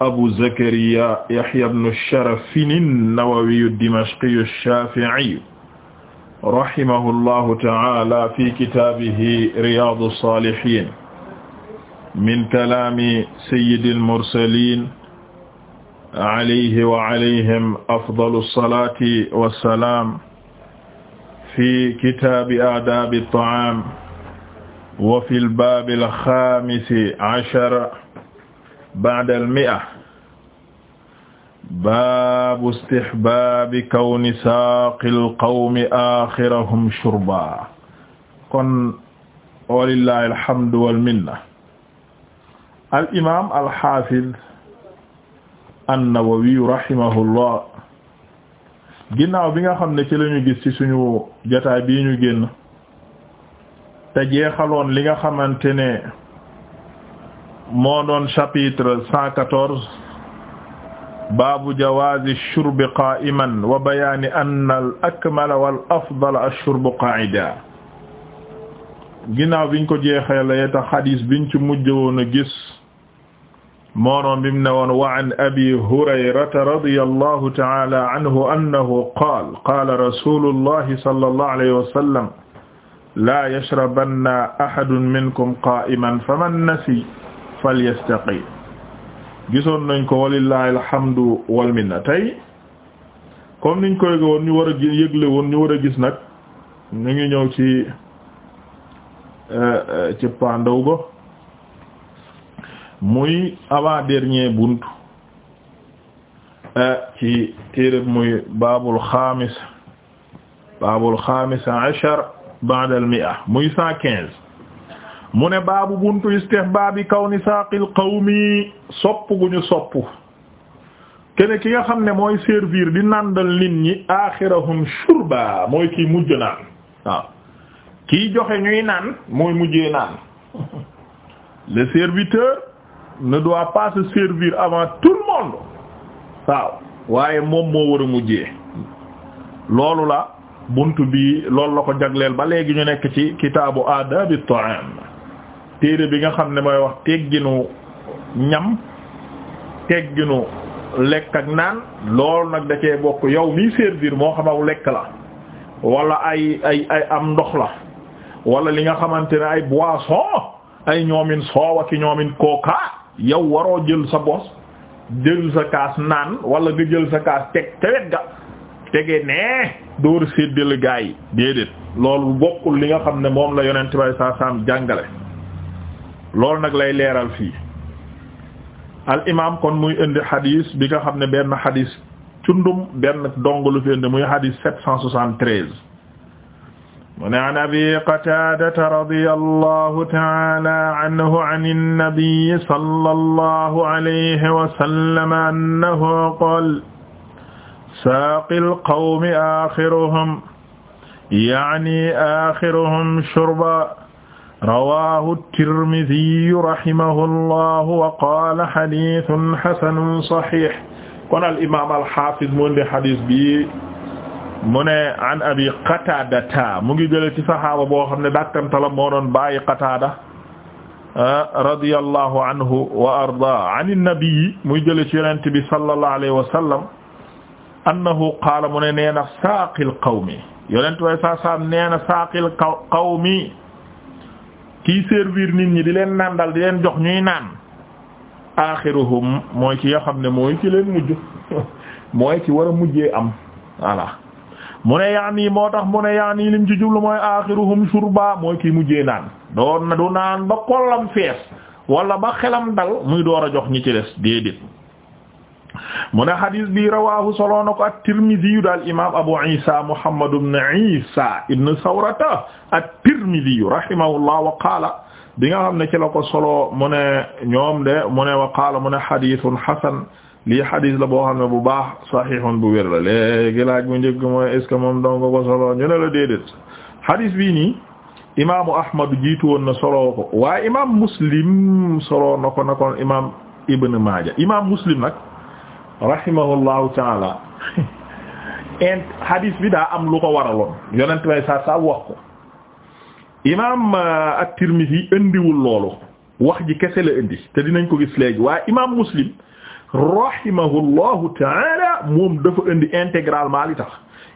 Abu Zakariya Yahya ibn Sharaf an-Nawawi ad-Dimashqi ash-Shafi'i rahimahullahu ta'ala fi kitaabihi Riyadu as-Salihin min kalaami sayyidil mursaliin alayhi wa alayhim afdalu as-salaati was-salaam fi kitaabi aadaabi at-ta'aam wa fil baabil xaamisi ashar ba'da al-mi'a baabu istihbaabi kawni saaqil qawmi aaxirahum shurba kon walillaahi alhamdu wal minna al imaam al xaafid an-Nawawi rahimahullah ginnaaw bi nga xam ne ci lañu gis ci suñu jotaay bii ñu génn te jeexaloon li nga xamante ne. moo doon chapitre cent quatorze baabu jawaazi shurbi qaa'iman wa bayaani anna al akmala wal afdala ash-shurbu qaa'ida ginnaaw biñ ko jeexee la tax xadiis biñ ci mujj woon a gis moo doon bim ne woon wa an abi hurayrata radiyallahu ta'ala anhu annahu qaala qaala rasuulullahi sallallahu alayhi wa sallam laa yashrabanna ahadun minkum qaa'iman faman nasiya falyastaqi gisoon nañ ko walillahi alhamdu wal minna tey comme niñ koy woon ñu war a yëgle woon ñu war a gis nag ñu ngi ñëw ci euh, euh, ci pandaw go muy avant dernier bunt euh, ci téeréb muy baabul xaamis baabul xaamis ashar ba'da al mi'a muy cent quinze mu ne baabu buntu istihbaabi kawni saaqil qawmi sopp gu ñu sopp kene ki nga xam ne mooy servir di nàndal nit ñi axirahum shurba mooy kii mujj naan waaw kii joxe ñuy naan mooy mujjee naan le serviteur ne doit pas se servir avant tout le monde waaw waaye moom moo war mujjee loolu la bunt bi loolu la ko jagleel ba léegi ñu nekk ci kitaabu adab at-ta'am téere bi nga xam ne mooy wax tegginu ñam tegginu lekk ak naan lool nag da cee bokk yow miy servir moo xamaw lekk la wala ay ay ay am ndox la wala li nga xamante ne ay boisson ay ñoomin soow ak ñoomin kooka yow waroo jël sa bos jël sa kaas naan wala nga jël sa kaas teg te ga tege nee dóor séddale gaa déedéet loolu bokkul li nga xam ne moom la yonent bay saa saam jàngale loolu nag lay leeral fii al imam kon muy indi xadis bi nga xam ne benn xadis cundum benn dong lu fi indi muy xadis sept cent soixante-treize mu ne an abi qataadata radiyallahu ta'ala anhu an an-nabi sallallahu alayhi wa sallam annahu qaala saaqil qawmi aaxiruhum ya'ni aaxiruhum shurban rawaahu tirmiziyu rahimahullahu wa qaala xadiisun xasanun saxiix kon al imaam al xaafiz mu ngi xadis bi mu ne an abi qataadata mu ngi jëlee ci saxaaba boo xam ne dàkkantalam moo doon bàyyi qataada ah, radiyallahu anhu wa ardaa an nabii muy jëlee ci yonent bi sallallahu alayhi wa sallam annahu qaala mu ne nee na saaqil qawmi yonent bi saa saam nee na saaqil qawmi kiy servir nit ñi di leen nàndal di leen jox ñuy naan aaxiruhum mooy ki nga xam ne mooy ki leen mujj mooy ki war a mujjee am la mu ne yaani moo tax mu ne yaani lim ci jublu mooy aaxiruhum shurba mooy ki mujjee naan doon na du naan ba kollam fees wala ba xelam dal muy door a jox ñi ci des déedéet mu ne xadis bi rawaahu solo na ko at-Tirmidhi daal imaam Abu Isa Muhammad ibn Isa ibn Sawrata at-Tirmidhi rahimahullah wa qaala bi nga xam ne ci la ko solo mu ne ñoom de mu ne wa qaala mu ne xadisun xasan lii xadis la boo xam ne bu baax saxiixun bu wér la léegi laaj bu njëkk mooy est ce que moom dong ko solo ñu ne la déedéet xadis bii nii imaamu Ahmad jiitu woon na solo ko waaye imaam Muslim solo na ko na ko imaam Ibn Maaja imaam Muslim nag. rahimahullahu taala en hadis bi daa am lu ko waraloon yonent bay saa saa wax ko imaam uh, at indiwul loolu wax ji kese la indi te dinañ ko gis léegi waaye imaam Muslim rahimahullahu taala moom dafa indi intégralement li tax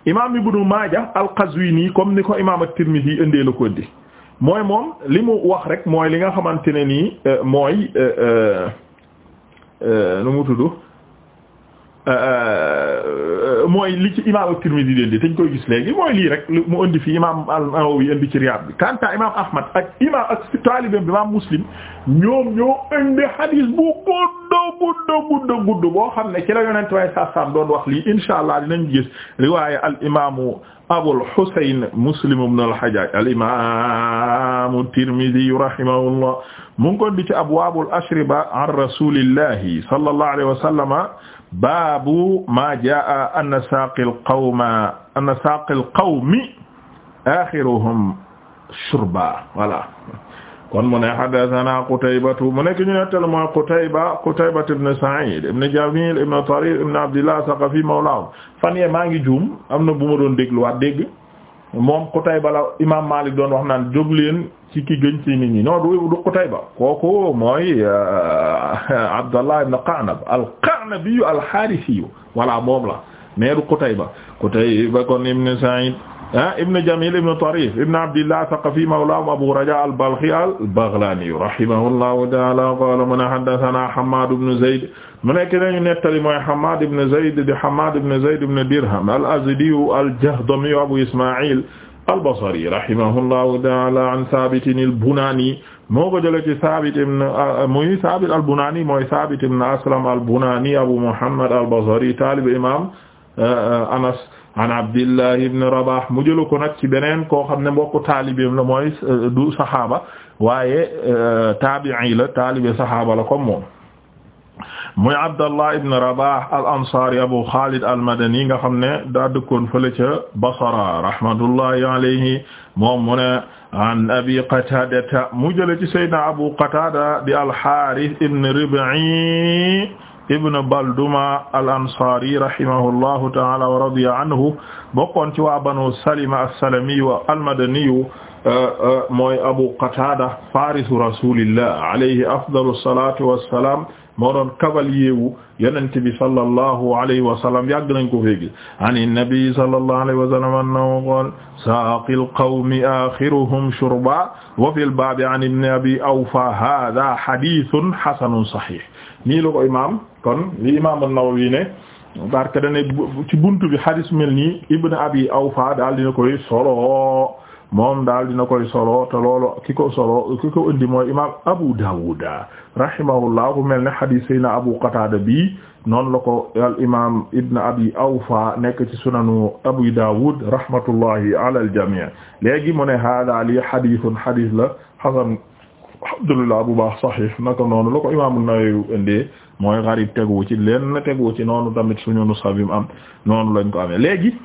imaam Ibnu Maaja al-Qazwini comme ni ko imaam at-Tirmidhi indee la ko indi mooy moom li mu wax rek mooy li nga xamante ne nii uh, mooy uh, nu mu tudd. Euh, euh, mooy li ci imaam at-Tirmidhi leen di dañ koy gis léegi mooy lii rek mu indi fi imaam an-Nawawi indi ci Riyad bi kanta imaam Ahmad ak imaam ak taalibeem bi imaam Muslim ñoom ñoo indi hadis bu gudd gudd gudd gudd boo xam ne ci la yonent waaye sasam doon wax lii insha allah dinañ gis riwaaya al imaamu Abul Husayn Muslim ibn al-Hajjaj al imaamu at-Tirmidhi rahimahullah mu ngi ko indi ci abwaabul ashriba an rasulillahi sallallahu alayhi wa sallama baabu maa jaa anna saaqil qawma anna saaqil qawmi axiruhum shurba voilà kon mu ne haddasanaa Qutaybatu mu nekk ñu nettali mooy Qutayba Qutaybatu ibn Sa'iid ibn Jamil ibn Tariq ibn Abdillah Saqafi mawlaahum fan yee maa ngi juum am na bu ma doon dégluwaat dégg moom Qutayba la imaam Maalik doon wax naan jóg leen ci ki gën ci nit ñi non du kooku mooy euh, Abdallah ibn Qa'nab al an-Nabiyyu al-Haarisiyu voilà moom la mais du Qutayba Qutayba kon ibn Sa'id ah ibn Jamil ibn Tarif ibn Abdillah Thaqafi mawlaahum Abu Raja al-Balkhi al-Baghlani rahimahullahu ta'ala qala man haddathana Hammad ibn Zayd mu nekk nañu nettali mooy Hammad ibn Zayd di Hammad ibn Zayd ibn Dirham al-Azdi al-Jahdami Abu Isma'il al-Basri rahimahullahu ta'ala an Thabit al-Bunani moo ko jëlee ci Saabit ibn ah, muy Saabit al-Bunaani mooy Saabit ibn Aslam al-Bunaani Abu Muhammad al-Basri taalib imaam eh, Anas an Abdillah ibn Rabah mu jëlee ko nag ci beneen koo xam ne mbokk taalibeem la mooy eh, du saxaaba waaye eh, taabi'i la taalibe saxaaba la comme moom. muy Abdallah ibn Rabah al-Ansaari Abu Xaalid al-Madani nga xam ne daa dëkkoon fële ca Basra rahmatullahi alayhi moom mu ne. an abi qataadata mu jële ci sayyidina abu qataada di al-Haaris ibn Rib'i ibn Balduma al-Ansaari rahimahullahu ta'aala wa radiya anhu bokkoon ci waa Banu Salima as-Salami wa al-Madani uh, uh, mooy abu qataada faarisu rasuulillah alayhi afdalu salaatu wa salaam moo doon cavalier wu yonent bi sallallahu alayhi wa sallam yàgg nañ ko fee gis an nabi sallallahu alayhi wa sallam annahu qaala saaqil qawmi axiruhum shurba wa fil baabi an ibni abi awfa haaza hadiisun hasanun sahiih nii la ko imaam kon li imaam an-Nawawi ne barke dane ci buntu bi hadis mel nii ibn abi awfa daal dina koy solo moom daal dina koy solo te loolu ki ko solo ki ko indi mooy imaam Abu Dawud rahimahullah ku mel ne hadith sayna Abu Qatada bi noonu la ko al imaam Ibn Abi Awfa nekk ci sunanu Abu Dawud rahmatullahi ala al jami' léegi mu ne hada li hadithun hadith la hasan alhamdulillah bu baax sahih naka noonu la ko imaam an-Nawawi indee mooy garib tegu ci lenn tegu ci noonu tamit suñu nu sabim am noonu lañ ko amee léegi.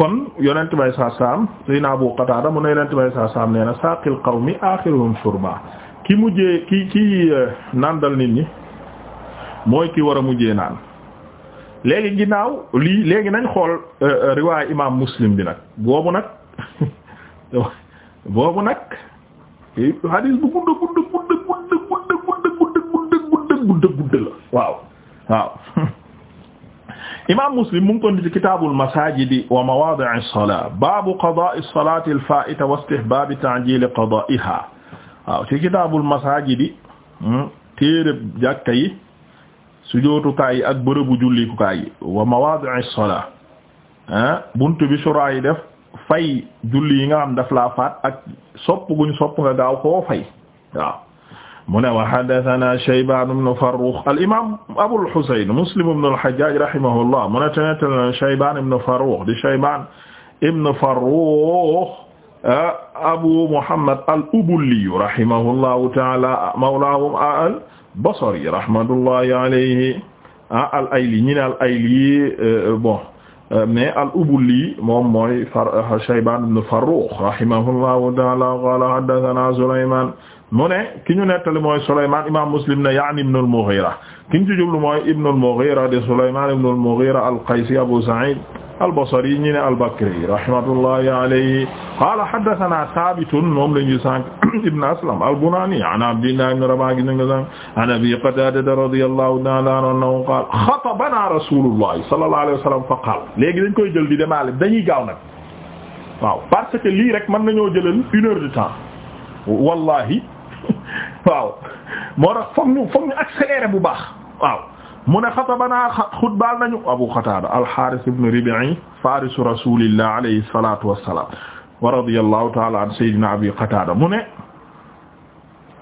kon yonent bay saa saam sayna Abu Qatada mu ne yonent bay saa saam nee na saaqil qawmi aaxiruhum ki mujjee ki ki naan nit ñi mooy ki war a mujjee naan léegi ginnaaw lii léegi nañ xool riwaay imaam Muslim bi nag boobu nag boobu nag hadis bu gudda gudda gudda gudda gudda gudda la waaw waaw imaam Muslim mu ngi ko ci kitaabul masaajidi wa mawaadi'i salaat baabu qadaa'i salaati al-faa'ita wa istihbaabi ta'jiili qadaa'ihaa waaw ci kitaabul masaajidi hmm, téere jàkka yi sujootukaay yi ak bërëbu jullikukaay yi wa mawaadi'i salaat ah eh, buntu bi sura yi def fay julli yi nga xam daf laa faat ak sopp guñ sopp nga gaaw koo fay waaw. mu ne wa haddathana Shaybaan ibn Farrukh al-imaam Abul Husayn Muslim ibn al-Hajjaaj rahimahullah mu ne tanetana Shaybaan ibn Farrukh di Shaybaan ibn Farrukh ah, Abu Muhammad al-Ubulli rahimahullahu ta'aala mawlaahum al-Basri rahmatullahi alayhi ah, al-Ayli ñi ne al-Ayli eh, bon mais eh, al-Ubulli moom mooy Shaybaan ibn Farrukh rahimahullahu ta'aala qaala haddathana Sulaymaan mu ne ki ñu nettali mooy Sulaymaan imaam Muslim ne yaani ibn al-Mughira ki ñu ci jublu mooy ibn al-Mughira de Sulaymaan ibn al-Mughira al-Qaysi Abu Sa'id al-Basri ñi ne al-Bakri rahmatullahi alayhi qaala haddathanaa Thaabitun moom la ñuy sànq ibn Aslam al-Bunaani an Abdillah ibn Rabah gis nga sànq an Abi Qataada radiyallahu ta'ala anhu qaala khatabanaa Rasuulullahi sallallahu alayhi wa sallam fa qaala léegi dañ koy jël di demaale dañuy gaaw nag waaw parce que lii rek mën nañoo jëlal une heure de temps wallahi waaw moo tax foog ñu foog bu baax waaw mu ne xatabanaa xutbaal nañu Abu Qatada al-Harith ibn Rib'i farisu rasulillah alayhi salatu wassalam wa radiyallahu ta'ala an sayyidina Abi Qatada mu ne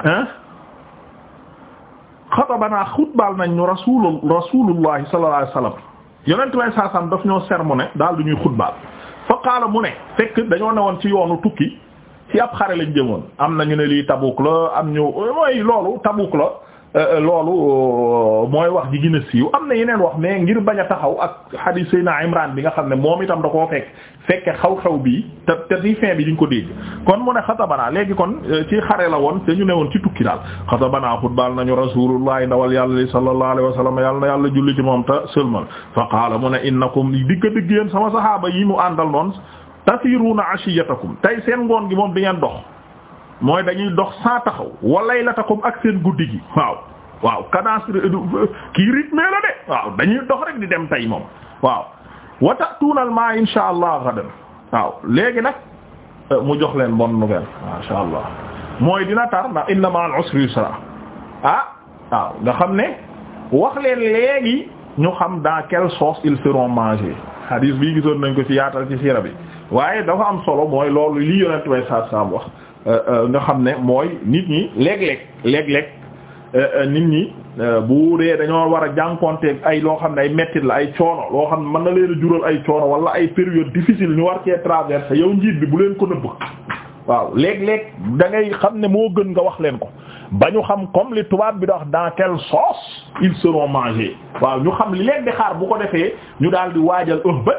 ah xatabanaa xutbaal nañu rasul rasulullahi sallallahu alayhi wasallam yonent way saasam daf ñoo sermoné daal du ñuy xutbaal fa qaala mu ne fekk dañoo newoon ci yoonu tukki ci ab xare lañ jëmoon am na ñu ne lii Tabuk la am ñu mooy loolu Tabuk la euh, euh, loolu euh, mooy wax ji gën a siiw am na yeneen wax mais ngir bañ a taxaw ak hadith Seydina Imran bi nga xam ne moom itam da koo fekk fekke xaw-xaw bii te te ci fin bi duñ ko dégg kon mu ne xatabanaa léegi kon ci xare la woon te ñu ne woon ci tukki daal xatabanaa xutbal nañu rasulullah ndawal yàlla li sallallahu alayhi wa sallam yàlla na yàlla julli ci moom te sëlmal fa qaala mu ne innakum digga dëgg yéen sama sahaaba yi mu àndal noonu tasiruna ashiyatakum tey seen ngoon gi moom di ngeen dox mooy dañuy dox saa taxaw wa laylatakum ak seen guddi gi waaw waaw cadence kii rythme la de waaw dañuy dox rek di dem tay moom waaw wa tatuunal ma insha allah gadan léegi nag euh, mu jox leen bonne nouvelle masha allah mooy dina tar ndax inna ma'al usri yusra ah waaw nga xam ne wax leen léegi ñu xam dans quelle sauce ils seront mangés hadith bii gisoon nañ ko ci yaatal ci siira bi waaye dafa am solo mooy loolu li yonent way saa saam wax euh, euh, nga xam ne mooy nit ñi léeg-léeg léeg-léeg euh, nit ñi bu dee dañoo war a jànkonteeg ay loo xam ne ay mettit la ay coono loo xam ne mën na leen a jural ay coono wala ay période difficile ñu war cee traverser yow njiit bi bu leen ko nëbb waaw léeg-léeg da ngay xam ne moo gën nga wax leen ko ba ñu xam comme li tubaab bi da wax dans quelle sauce ils seront waaw ñu xam li leen di xaar bu ko defee ñu daal di waajal heure ba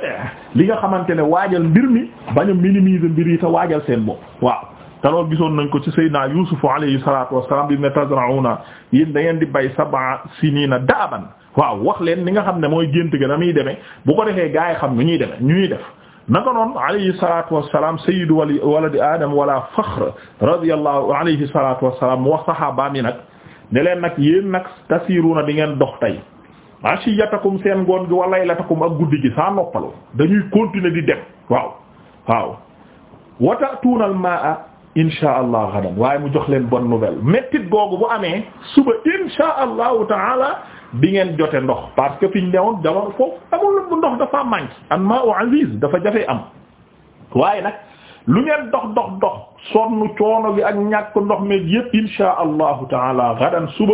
li nga xamante ne waajal mbir mi bañ a minimiser mbir yi te waajal seen bopp waaw. te loolu gisoon nañ ko ci Seydina Yuusufu alayhi salaatu wassalaam bi ne tazra'una yéen da ngeen di bay sab'a siniina daaban waaw wax leen li nga xam ne mooy gént gën na muy demee bu ko defee gaa yi xam nu ñuy demee ñu ñuy def. naka noon alayhi salatu wassalam sayyidu wali waladi adam wala fakhr radiyallahu alayhi salatu wassalam mu wax sahaaba mi nag ne leen nag yéen nag tasiruna di ngeen dox tey ashiyatakum seen ngoon gi walay latakum ak guddi gi saa noppalu dañuy continuer di dem waaw waaw watatuuna al maa insha allah gadan waaye mu jox leen bonne nouvelle mettit googu bu amee suba insha allahu taala bi ngeen jotee ndox parce que fi ñu newoon jamono foofu amul bu ndox dafa manqué am ma u aziz dafa jafe am waaye nag lu ngeen dox dox dox sonn coono bi ak ñàkk ndox mi yépp insha allahu taala gadan suba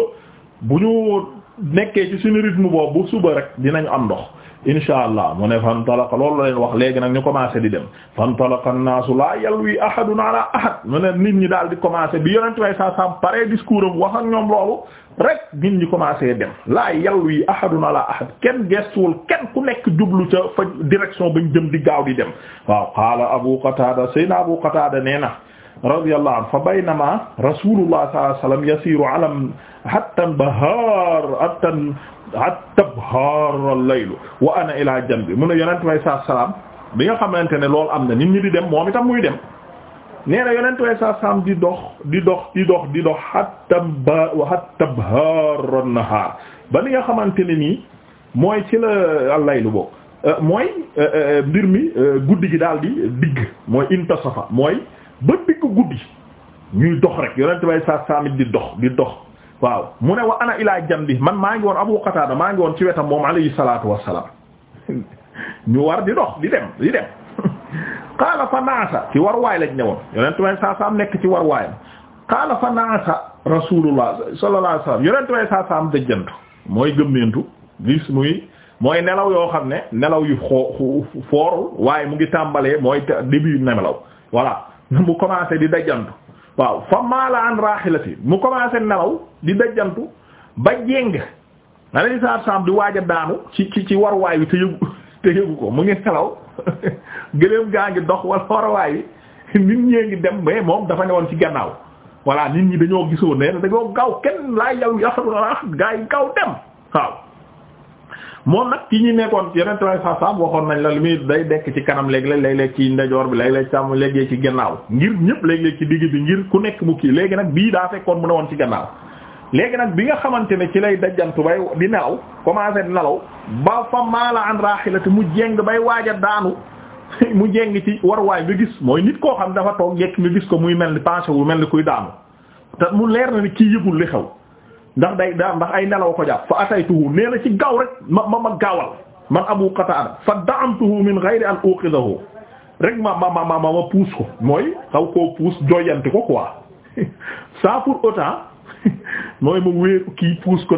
bu ñu nekkee ci suñu rythme boobu bu suba rek dinañu am ndox insha allah mu ne fantalaka loolu la leen wax léegi nag ñu commencé di dem fantalaka naasu laa yalwi ahadun ala ahad mu ne nit ñi daal di commencé bi yonent way sa sam pare discours am wax ak ñoom loolu rek nit ñi commencé dem laa yalwi ahadun ala ahad kenn gestuwul kenn ku nekk jublu ca fa direction bañ jëm di gaaw di dem waaw qaala abu qatada sayna abu qatada nee na radiyallahu anhu fa baynama rasulullah sallallahu alayhi wasallam yasiru alam hatta bahar hatta hatta bahar al-layl wa ana ila janbi mu ne yonent way saa salaam bi nga xamante ne loolu am na nit ñi di dem moom itam muy dem nee na yonent way saa salaam di dox di dox di dox di dox hatta ba hatta bahar an-nahar ba ni nga xamante ne nii mooy ci la al-layl boobu euh, mooy euh, euh, mbir mi guddi gi daal di digg mooy intasafa mooy ba digg guddi ñuy dox rek yonent bay saa di dox di dox waaw mu ne wa ana ilaa bi man maa ngi woon Abu Qatada maa ngi woon ci wetam moom alayhi salaatu wassalaam ñu war di dox di dem di dem qaala fa naasa ci war waay lañ ne woon yonent bay nekk ci war waayam qaala fa naasa rasulullah sallallahu alayhi wasallam yonent bay saa mooy gëmmentu gis muy mooy nelaw yoo xam ne nelaw yu xoo foor waaye mu ngi tàmbalee mooy début nelaw mu commencé di dajjantu waaw fa maala an mu commencé nelaw di dajjantu ba jéng alayhi salaam di waaj a daanu ci ci ci waruwaay wi te yëgu te yëgu ko mu ngi nelaw gëléem gaa ngi dox wala waruwaay wi nit ñee ngi dem mais moom dafa newoon ci gannaaw voilà nit ñi dañoo gisoo ne dañoo gaaw kenn laa yow yaxarul rax gaa yi gaaw dem waaw moom nag ki ñu nekkoon yeneen tamit saa saa waxoon nañ la li muy day dekk ci kanam léeg-léeg léeg-léeg ci ndejoor bi léeg-léeg càmm léeg-léeg ci gannaaw ngir ñëpp léeg-léeg ci digg bi ngir ku nekk mu kii léegi nag bii daa fekkoon mu ne woon ci léegi nag bi nga xamante ne ci lay dajjantu bay di nelaw commencé di nelaw ba fa maala an raaxilati mu jéng bay waaj a daanu mu jéng ci waruwaay nga gis mooy nit koo xam dafa toog yekk nga gis ko muy mel ni penché wu mel ni kuy daanu te mu leer na ni kii yëgul li xew ndax day daa ndax ay nelaw ko jàpp fa ataytuhu nee na ci gaaw rek ma ma ma gaawal man Abu Qatada fa da'amtuhu min ghayri an uqidahu rek ma ma ma ma ma puus ko mooy xaw koo puus jooyanti ko quoi sans pour autant mooy mu wéeru ko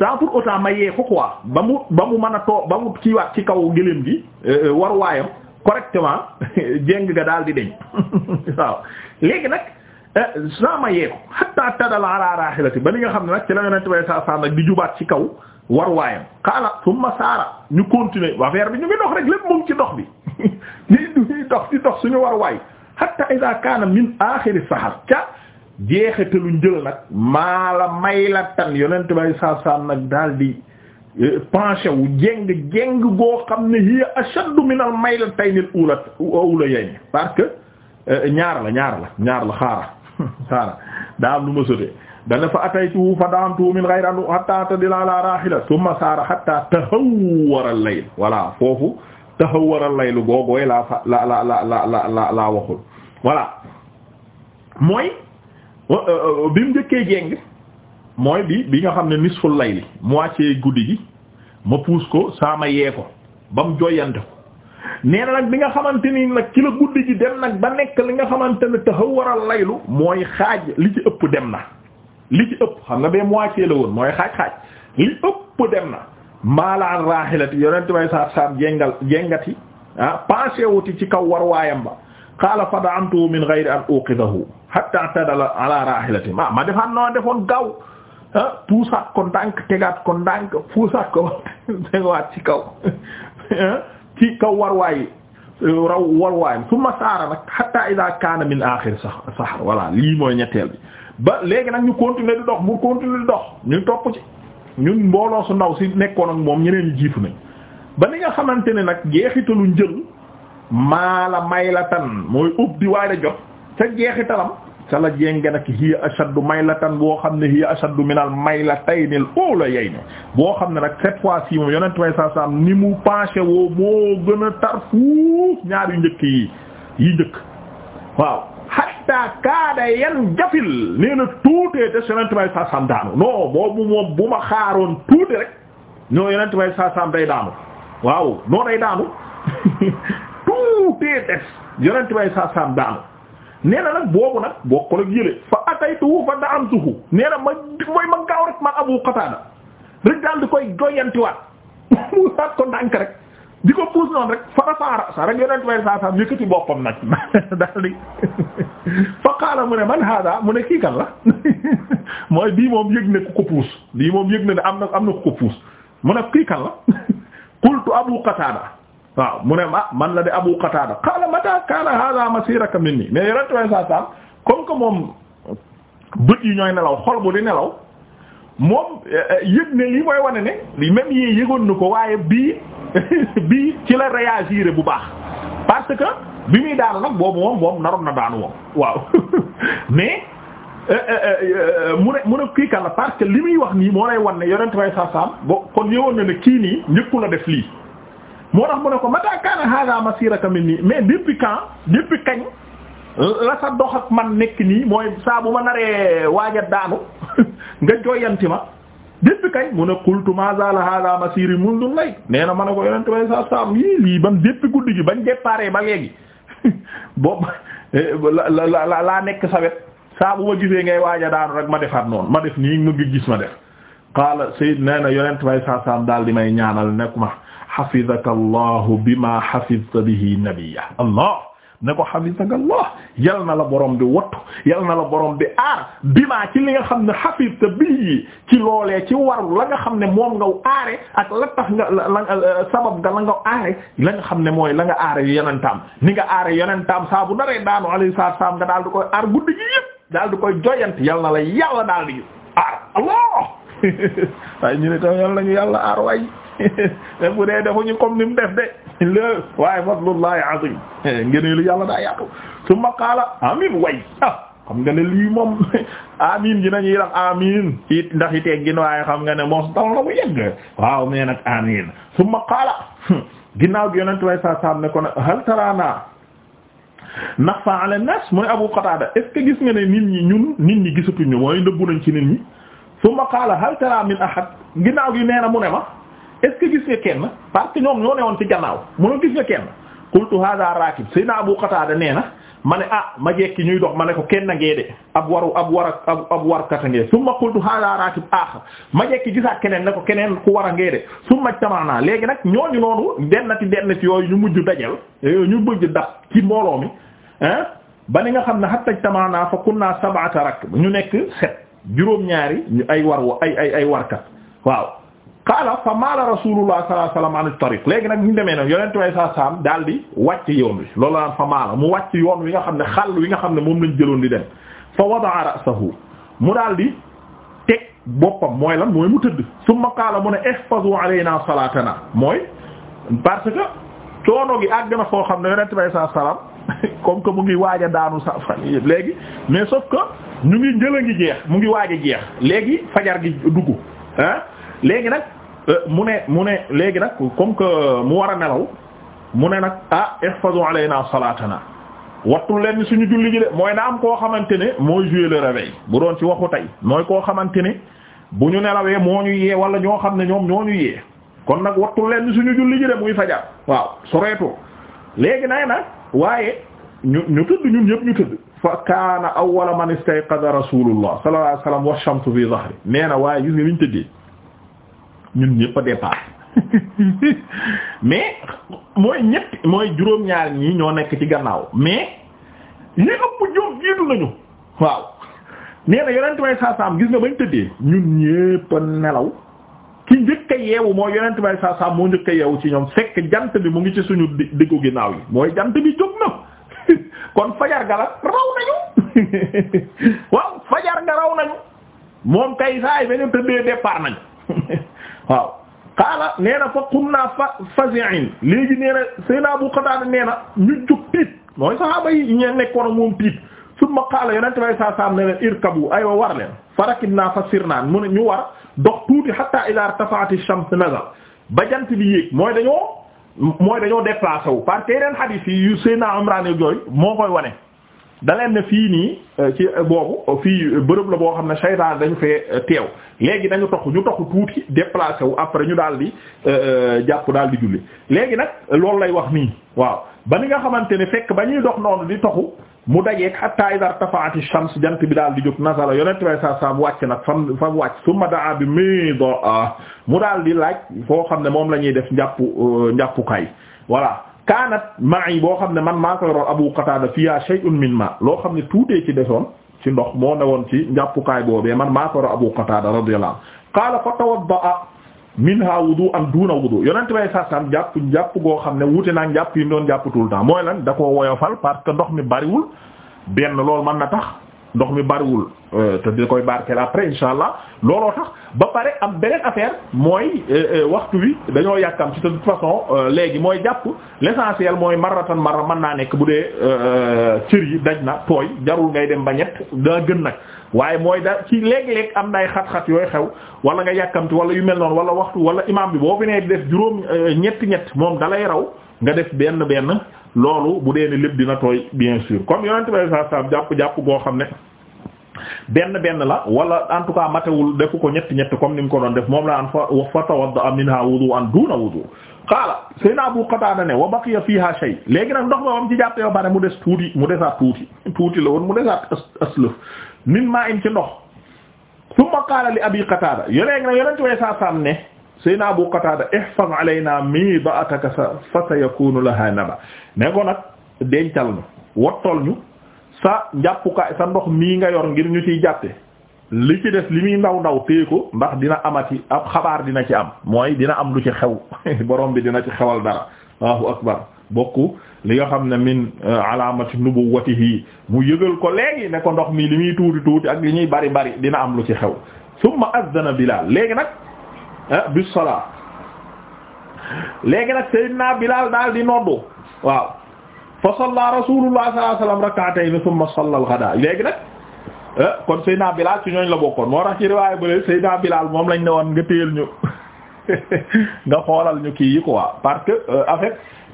donc ma yee ko quoi ba mu ba mu mën a too ba mu kiiwaat ci kaw gëléem gi euh, euh, war waayam correctement jéng ga daal di deñ waaw léegi nag. Eh, sama yeeku hatta tadala ala rahilati ba ni nga xam ne nag ci la yonent bay saa saa nag di jubaat ci kaw war waayam xaala summa saara ñu continuer affaire bi ñu ngi dox rek lépp mu ci dox bi ñuy dox di dox suñu war waay hatta iza kaana min axiri sahar ca jeexete lu njël nag maala maylatan yonent bay saa saa nag daal di eh, penché wu jéng jéng goo xam ne hiya ashaddu min al maylatayn al ula ula yayn parce que eh, ñaar la ñaar la ñaar la saara daa am lu ma sotee dana fa ataytu fa daamtu min ghayri an hatta tadila ala rahila thumma saara hatta tahawwara al-layl voilà foofu tahawwara al-layl googooy laa fa la la laa waxul voilà mooy euh, euh, bi mu njëkkee jéng mooy bi bi nga xam ne nisful layli moitié guddi gi ma puus ko saa ma yee ko ba mu joyante nee na nag bi nga xamante ni nag ci la guddi gi dem nag ba nekk li nga xamante ne tahawaral laylu mooy xaaj li ci ëpp dem na li ci ëpp xam nga bee moitié la woon mooy xaaj-xaaj li ëpp dem na maalaan raahilati yonent bay saar saar jengal jengati ah pensé wuti ci kaw war waayam ba xaala fada'amtu min ghayri an uqidahu hatta tadala ala rahilati ma ma defaan noonu defoon gaaw ah puusaat ko ndànk tegaat ko ndànk puusaat ko tegaat ci kaw ah. ci kaw warwaay raw warwaayam summa saara nag hatta ida kaana min aaxir sax saxar voilà lii mooy ñetteel bi ba léegi nag ñu continuer di dox mu continuer di dox ñu topp ci ñun mbooloo su ndaw si nekkoon ak moom ñeneen ñu jiitu nañ ba ni nga xamante ne nag jeexitalu njël maala mayla tan mooy ub di waay da jot ca jeexitalam ca la jénge nag hiya ashaddu maylatan boo xam ne hiya ashaddu minal maylatayn al ulayayni boo xam ne nag cette fois ci moom yonent way saa saam ni mu penché woo moo gën a tar fuuf ñaar yu njëkk yi njëkk waaw hatta kaada yan jafil nee na tuutee te yonent way saa saam daanu non boobu moom bu ma xaaroon tuuti rek ñoo yonent way saam saam daanu nee na nag boobu nag bokkul ak yële fa ataytuhu fa da'amtuhu nee na ma mooy ma gaaw rek man Abu Qatada rek daal di koy joyantiwaat mu saat ko ndànk rek di ko puus noon rek fa rafaara sa rek yonent way saa sam yëkkati boppam nag daal di fa qaala mu ne man hada mu ne kii kan la mooy bii moom yëg ne ku ko puus bii moom yëg ne ne am na am na ku ko puus mu ne kii kan la qultu Abu Qatada waaw mu ne ah man la de Abu Qatada qala mata kana hadha masiraka minni mais yonent way saa saam comme que moom bët yi ñooy nelaw xol bu di nelaw moom eh, eh, yëg ne lii mooy wane ne même yii yëgoon na ko waaye bii bii ci la réagir bu baax parce que bi muy daanu nag boobu moom moom naroon na daanu moom waaw mais eh, mu ne mu ne kii kan parce que li muy wax nii moo lay wan ne yonent way saa saam bo kon yëwoon na ne kii nii ñëkku la def lii moo tax mu ne ko mata kaana hada masiraka nii mais depuis quand depuis kañ la sa dox ak man nekk nii mooy saa bu ma naree waaja daanu nga jooyanti ma depuis kañ mu ne qultu ma zala hada masiri mundu lay nee na ma ne ko yonente bay sa sam yii lii bam depuis guddi gi bañ déparé ba léegi boobu eh, la la laa nekk sawet wet saa bu ma gisee ngay waaja daanu rek ma defaat noonu ma def nii mu ngi gis ma def qaala sayyid nee na yonent bay sa sam daal di may ñaanal nekk ma xafidaka allahu bima xafidta bi nabiyya allah ne ko xafidaka allah yal na la borom bi wattu yal na la borom bi aar ma ci li nga xam ne xafidta bihi ci loolee ci waru la nga xam ne moom nga aare ak la tax nga la sabab nga la nga aare la nga xam ne mooy la nga aare yonentam ni nga aare yonentam saa bu naree daanu alayhi salaam nga daal di koy aar guddi gi yëpp daal di koy joyant yal na la yàlla daal di aar allah ñu ne tam yal nañu yàlla même bu dee defuñu comme ni mu def de lé waaye fadlullahi azim ngëneelu yàlla daa yàqu summa qaala amin way ah xam nga ne lii moom amin ji nañuy wax amin ci ndax i teeg waaye xam nga ne moom dal na bu yegg waaw mais nag amin summa qaala ginnaaw gi yonentu way sa sam ne ko hal tarana naxfa ala nas mooy Abu Qatada est ce gis nga ne nit ñi ñun nit ñi gisatuñu mooy ndëbbu nañ ci nit ñi summa qaala hal tara min ahad ginnaaw gi nee na mu ne est-ce que gis nga kenn parce que ñoom ñoo newoon ci gannaaw mu ne gis nga kenn qultu hada raakib sayna Abu Qatada nee na ma ne ah ma jekki ñuy dox ma ne ko kenn a ngee de ab waru ab war a ab warkat a ngee summa qultu hada raakib aaxar ma jekki gisaat keneen ne ko keneen ku war a ngee de summa tamaana léegi nag ñoo ñooñu noonu dennati dennati yooyu ñu mujj dajal eh, ñu bëgg dab ci mbooloo mi ba ni nga xam ne hatta tamaana fa kunna sab'ata rakb ñu nekk set juróom-ñaari ñu ay war ay ay ay warkat xaala fa maala rasulullah sallallahu alayhi wasallam an tariq léegi nag ñu demee nag yonent way saa saam daal di wàcc yoon wi loolu la fa maala mu wàcc yoon wi nga xam ne xàll wi nga xam ne moom lañ jëloon di dem fa wada'a ra'sahu mu daal di teg boppam mooy lan mooy mu tëdd summa qaala mu ne ihfazu alayna salatana mooy parce que coono gi àgg na foo xam ne yonent way saa comme que mu ngi waaj a daanu sa fan léegi mais sauf que ñu ngi a ngi jeex mu ngi waaj a jeex léegi fajar gi dugg léegi nag euh, mu ne mu ne léegi nag comme que euh, mu war a nelaw mu ne nag ah ihfazu alayna salatana wattu leen suñu julli ji de mooy na am koo xamante ne mooy jouer le bu doon ci waxu tey mooy koo xamante ne bu ñu nelawee moo ñu yee wala ñoo xam ne ñoom ñoo ñu yee kon nag wattu leen suñu julli ji de muy fajar waaw soreetoo léegi nay nag waaye ñu ñu tëdd ñun ñëpp ñu tëdd fa kaana awwala man istayqadha rasulullah sallallahu alayhi wasallam wa shamtu fi dhahri nee na waaye ñun ñëpp a départ mais mooy ñett mooy juróom-ñaar ñi ñoo nekk ci gannaaw mais ñi ëpp ñoom jiitu nañu waaw nee na yonent bay saasaam gis nga bañ tëddee ñun ñëpp a nelaw ki njëkk a yeewu mooy yonent bay saasaam moo njëkk yeewu ci ñoom fekk jant bi mu ngi ci suñu diggu ginnaaw yi mooy jant bi jóg na kon fajar ga la raw nañu waaw fajar ga raw nañu moom kay saay ba tëddee départ nañu waaw qaala nee na fa qumna fa fazi'in léegi nee na Seydina Abu Qatada nee na ñu jug tiit mooy sahaaba yi ñe nekkoon ak moom tiit summa qaala yonente bay saa saam ne leen irkabu aywa war leen fa rakibna fa sirnaan mu ne ñu war dox tuuti hatta ila irtafa'at ash-shams nazal ba jant bi yéeg mooy dañoo mooy dañoo déplacé wu parce que yeneen hadith yi yu Seydina Umraan yooyu moo koy wane daleen leen ne fii nii euh, ci euh, boobu euh, fii bërëb la boo xam ne saytaan dañu fee teew léegi dañu tox ñu tox tuuti déplacé wu après ñu daal di jàpp daal di julli léegi nag loolu lay wax nii waaw ba ni nga xamante ne fekk ba ñuy dox noonu di toxu mu dajeeg hatta idha irtafa'ati shams jant bi daal di jóg nasala yonent bay saa mu wàcc nag fam fam wàcc summa daa bi miidaa mu daal di laaj foo xam ne moom la ñuy def njàppu njàppukaay voilà kaanat ma'i boo xam ne man maa ko yoroon Abu Qatada fiha shay'un min ma loo xam ne tuutee ci desoon ci ndox moo woon ci njàppukaay boobee man maa ko yoroon Abu Qatada radiyallahu anhu qaala fa tawadda'a minha wudu'an duna wudu' yonent bay sasam jàpp jàpp goo xam ne wuute naa jàpp yi doon jàpp tout le mooy lan da koo woyofal parce que ndox mi bariwul benn loolu man na tax ndox mi bariwul euh, te di koy barkeel après insha allah looloo tax ba pare am beneen affaire mooy euh, euh, waxtu wi dañoo yàkkam ci de façon léegi mooy jàpp l'essentiel mooy maratan mara man naa nekk bu dee cir yi daj na tooy jarul ngay dem ba ñett daa gën nag waaye mooy da ci léeg-léeg am na ay xat-xat yooyu xew wala nga yàkkamti wala yu mel noonu wala waxtu wala imam bi boo fi nee def juróom ñetti ñett moom dalay raw nga def benn benn loolu bu dee ne lépp dina tooy bien sûr kon yonent bi saa saa jàpp jàpp goo xam ne benn benn la wala en tout cas matewul defu ko ñett ñett comme ni mu ko doon def moom la an fa fa tawadda minha wudu'an duna wudu xaala sayna Abu Qatada ne wa baqiya fiha shay léegi nag ndox ma moom ci jàppee ba pare mu des tuuti mu desaat tuuti tuuti la woon mu desaat aslëf min maa in ci ndox summa qaala Abi Qatada yoneen nag yonentu way sayna Abu Qatada ihfaz alayna miidaataka fa sayakunu laha naba ne ko nag dencal ñu wottol ñu sa njàppukaay sa ndox mii nga yor ngir ñu ci jàppe li ci des li muy ndaw ndaw téye ndax dina amati ab xabaar dina ci am mooy dina am lu ci xew borom bi dina ci xewal dara Allahu akbar bokku li nga xam ne min euh, alaamati nubuwwatihi mu yëgal ko léegi ne ko ndox mi li muy tuuti tuuti ak li ñuy bari bari dina am lu ci xew summa azdana Bilaal léegi nag Eh, bis salaa léegi nag Seydina Bilaal daal di noddu waaw fa salla Rasulullah sallallahu alayhi wasallam rak'atayn thumma salla al-ghada léegi nag eh, kon Seydina Bilaal ci ñooñ la bokkoon moo tax ci riwaaya bële Seydina Bilaal moom lañ ne woon nga téyel ñu nga xoolal ñu kii yi parce que euh, en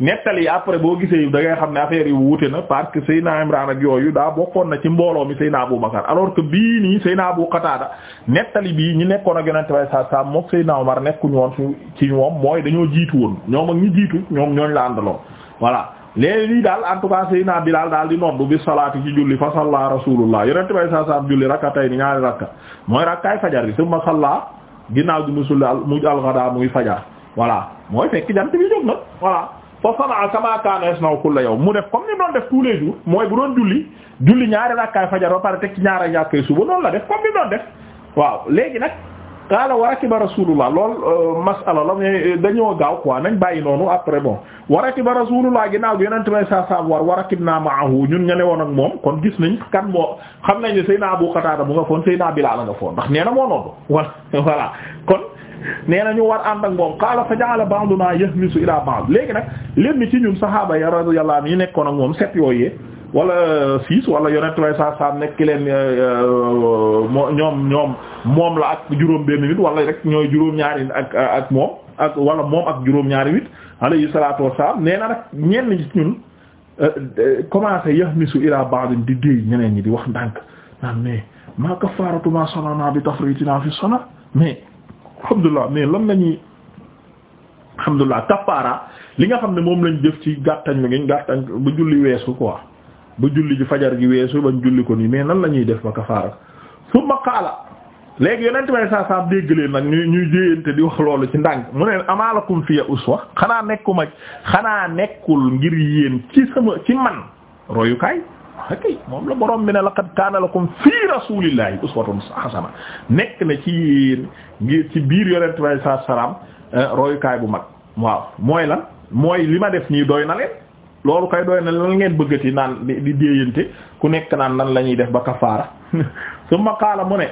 nettali yi après boo gisee da ngay xam ne affaire yi wuute na parce que Seyna Imran ak yooyu daa bokkoon na ci mbooloo mi Seyna Abu Bakar alors que bii nii Seyna Abu Qatada nettali bii ñi nekkoon ak Yonent bi saa saa mook Seyna Omar nekkuñu woon ci ñoom mooy dañoo jiitu woon ñoom ak ñi jiitu ñoom ñooñ la àndaloon voilà. léegi lii daal en tout cas Seyna Bilal daal di noddu bi salaati ci julli fa salla Rasulullah Yonent bi saa saa julli rakkatay ni ñaari rakka mooy rakkaay fajar bi gi musul al mujj fa sanaa kama kaana yasna'u kulla yawm mu def comme ni doon def tous les mooy bu doon julli julli ñaari rakkaay fajar ba pare teg ci ñaari rakkaay suba noonu la def comme ni doon def waaw léegi nag qaala wa rakiba rasulullah lool euh, masala la mais euh, dañoo gaaw waa nañ bàyyi noonu après bon wa rakiba rasulullah ginnaaw bi yonente may sa saam war a rakibna ma'ahu ñun ña ne woon ak moom kon gis nañ kan moo xam nañ ne naa Abu Qatada mu nga foon Seydina Bilal nga foon ndax nee na moo noonu voilà kon nee na ñu war ànd ak moom qaala fa ja'ala ba'duna yahmisu ila ba'd léegi nag lenn ci ñun saxaaba ya radiyallahu anhu yi nekkoon ak moom set yooyee wala euh, siis wala yonent way saa saa nekk leen euh, euh, ñoom ñoom moom la ak juróom benn nit wala rek ñooy juróom ñaari ak ak moom ak wala moom ak juróom ñaari nit alayhi salaatu wassalaam nee na nag ñenn ci ñun commencé yahmisu ila ba'd di déey ñeneen ñi di wax ndànk naan mais maa kafaaratu ma sanana bi tafriitina alhamdulilah mais lan nañu alhamdulilah kafaara li nga xam ne moom lañ jëf ci gàttañ lu ngi gàttañ bu julli weesu quoi bu julli ji fajar gi weesu bañ julli ko nii mais nan la ñuy def ba kafaara ma qaala léegi yonent may saa saa dégg leen nag ñu ñuy jéyante di wax loolu ci ndànk mu ne amaalakum fiya uswa xanaa nekkuma xanaa nekkul ngir yéen ci sama ci man royukaay Ah, kay moom la borom bi ne laqad kaana lakum fii rasuulillahi uswatun hasana nekk na ci ngir ci biir yonent bi sallallahu alayhi wasallam eh, royukaay bu mag waaw mooy lan mooy li ma def nii doy na leen loolu kay doy na lan ngeen bëggati naan di di déeyante ku nekk naan nan la ñuy def ba kafaara summa qaala mu ne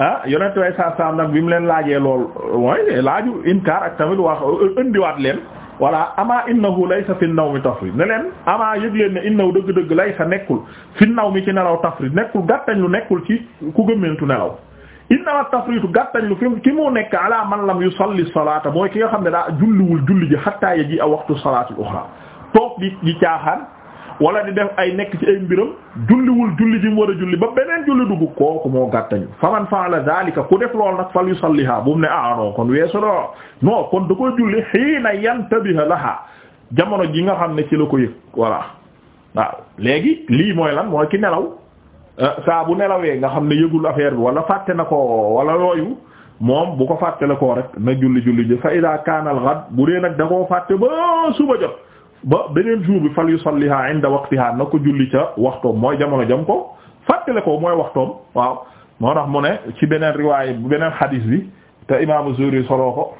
ah yonent bi sa alayhi wasallam nag bi mu leen laajee lool mooy laaju inkaar ak tamit wax indiwaat leen voilà ama innahu laysa fi naw mi tafrid ne leen ama yëg leen ne innahu dëgg-dëgg laysa nekkul fi naw mi ci nelaw tafrid nekkul gàttañ lu nekkul ci ku gëmmentu nelaw innama tafritu gàttañ lu fi ki mu nekk ala man lam yusalli salata mooy ki nga xam ne daa julliwul julli ji hatta yaji a waxtu salaatil uxra toog di di caaxaan wala di def ay nekk ci ay mbiram julliwul julli ji mu war a julli ba beneen julli dugg kooku moo gàttañu fa faala zalika ku def lool nag fal yusalliha bu mu ne ah non kon weesu la non kon da koy julli hiina la laha jamono ji nga xam ne ci la ko yëg voilà waaw léegi lii mooy la mooy ki nelaw euh, saa bu nelawee nga xam ne yëgul affaire bi wala fàtte na ko wala yooyu moom bu ko fàtte ko rek na julli julli ji fa ida kaana ghad bu dee nag da koo fàtte ba suba jot ba beneen jour bi fal yusalliha inda waqtiha na ko julli ca waxtoom mooy jamono jam ko fàttale ko mooy waxtoom waaw moo tax mu ne ci beneen riwaay beneen xadiis bi te imaamu Zuhri soloo ko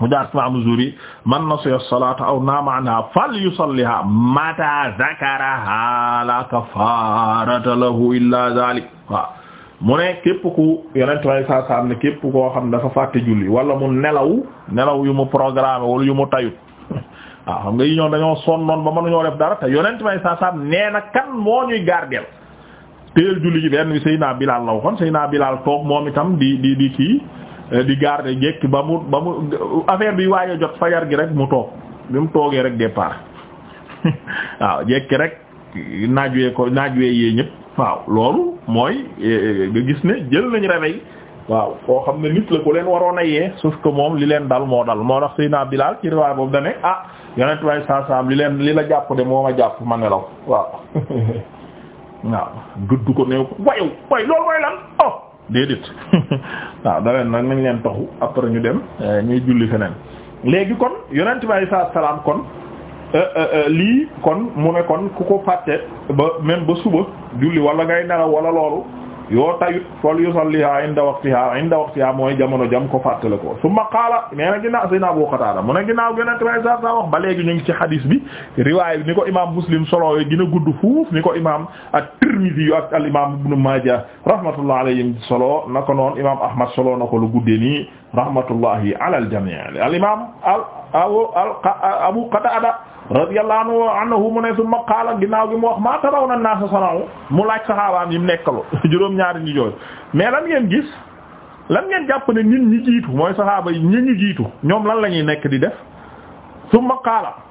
mu jaar imaamu Zuhri man nasiya salaata aw naama anhaa fal yusalliha mata zakaraha la kafaarata lahu illa zaalik mu ne képp ku yeneen may saa ne képp koo xam dafa fàtte julli wala mu nelaw nelaw yu mu programme wala yu mu tayut waaw ah, xam nga yi ñoom dañoo sonnoon ba mënuñoo def dara te yonent may saa saa nee na kan moo ñuy gardeel teel julli ji benn bi Seydina Bilaal la waxoon Seydina Bilaal toog moom itam di di di kii eh, di garde jekki ba mu ba mu affaire bi waaye jot fajar gi rek mu toog bi mu toogee rek départ waaw jekki rek naaj wee ko naaj wee yee ñëpp waaw loolu mooy eh, eh, gis ne jël nañ réveil waaw koo xam ne nit la ku leen waroon a yee sauf que moom li leen dal moo dal moo tax Seydina Bilal ci riwaay boobu da ne ah yonent saa saasaam li leen li la jàpp de moo a jàpp ma nelaw waaw waaw dudd ko néew wayu way loolu way lan oh déedéet waaw da leen nag nañ leen taxu après ñu dem eh, ñuy julli feneen léegi kon yonent way saasaam kon eh, eh, lii kon mu ne kon ku ko fàtte ba même ba suba julli wala ngay nelaw wala loolu yoo yu fal yusalliha inda waqtiha inda waqtiha mooy jamono jam ko fàttale ko summa qaala nee na ginnaaw sayna Abu Qatada mu ne ginnaaw genante way sa sa wax ba léegi ñu ngi ci hadis bi riwaay ni ko imam Muslim solo gën a gudd fuuf ni ko imam a tirmidhi ak al imam Ibn Majah rahmatullah alayhim solo na ko noon imam Ahmad solo na ko lu gudde nii rahmatullahi ala al-jamii' al imaam al abu qataada radiyallahu anhu mu ne summa qaala ginnaaw gi mu wax maa tarawna an-naas sana'u mu laaj saxaabaam yi mu nekkaloo juróom-ñaari ñu jooy mais lan ngeen gis lan ngeen jàpp ne ñun ñi jiitu mooy saxaaba yi ñun ñu jiitu ñoom lan la ñuy nekk di def summa qaala